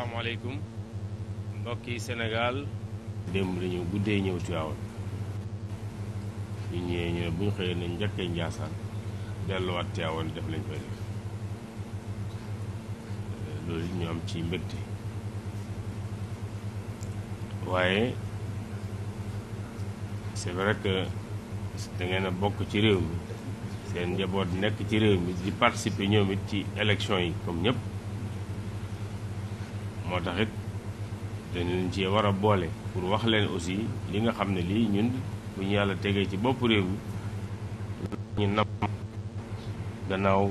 asalaamaaleykum mbokki Sénégal démb lañu guddee ñëw Tiwaawan ñu ñëwee ñu ne bu ñu xëyee nañ njëkkee Njaasaan delluwaat Tiwaawan def lañ fay def euh, loolu ñu am ci mbégte waaye c'est vrai que da ngeen bokk ci réew mi seen njaboot nekk ci réew mi di participer ñoom it ci élection yi comme ñëpp moo tax it dañu leen cee war a boole pour wax leen aussi li nga xam ne lii ñun bu ñu yàlla tegee ci bopp réew mi ñu nam gannaaw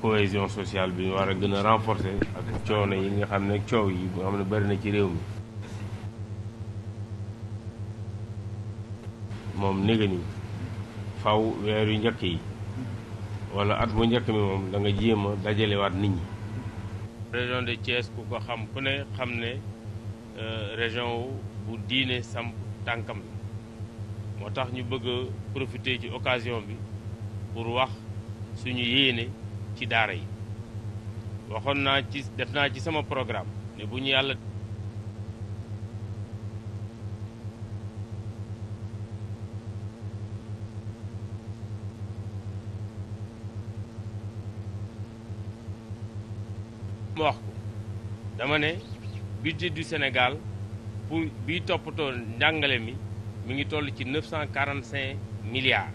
cohésion sociale bi war a gën a renforcer ak coono yi nga xam ne coow yi nga xam ne bari na ci réew mi moom néega ni faw weer yu njëkk yi wala at mu njëkk mi moom da nga jéem a dajalewaat nit ñi région de Thiès ku ko xam ku ne xam ne euh, région wu bu diine samp tànkam la moo tax ñu bëgg a profiter ci occasion bi pour wax suñu yéene ci daara yi waxoon naa ci def naa ci sama programme ne bu ñu yàlla ma wax ko dama ne budget du Sénégal pour biy toppatoo njàngale mi mu ngi toll ci 945 milliards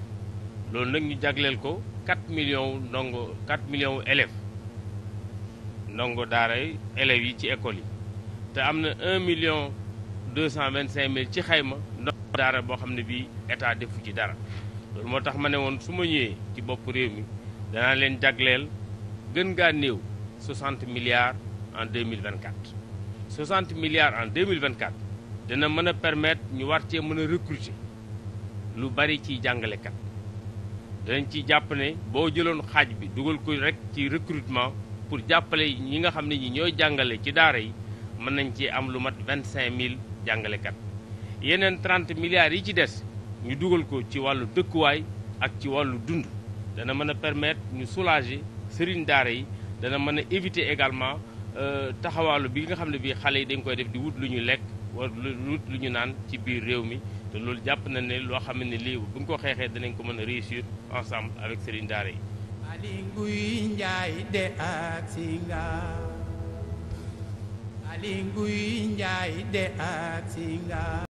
loolu nag ñu jagleel ko 4 millions ndongo 4 millions élèves ndongo daara yi yi ci école yi te am na 1 million 225 mille ci xayma ndongo daara boo xam ne bii état defu ci dara loolu moo tax ma ne woon su ma ñëwee ci bopp réew mi danaa leen jagleel gën gaa néew 60 milliards en 2024 60 milliards en 2024 dina mën a permettre ñu war cee mën a recruter lu bari ci jàngalekat danañ ci jàpp boo jëloon xaaj bi dugal ko rek ci recrutement pour jàppale ñi nga xam ne ñi ñooy jàngale ci daara yi mën nañ ci am lu mat 25000 jàngalekat yeneen 30 milliards yi ci des ñu dugal ko ci wàllu dëkkuwaay ak ci wàllu dund dana mën a permettre ñu soulager sëriñ daara yi dana mën a éviter également euh, taxawaalu bi nga xam ne bii xale yi dañ koy def di wut lu ñu lekk wala wut lu ñu naan ci biir réew mi te loolu jàpp na ne loo xam ne lii bu ñu ko xeexee danañ ko mën a réussir ensemble avec Serigne Daara yi. Ali Nguy Njaay de aksi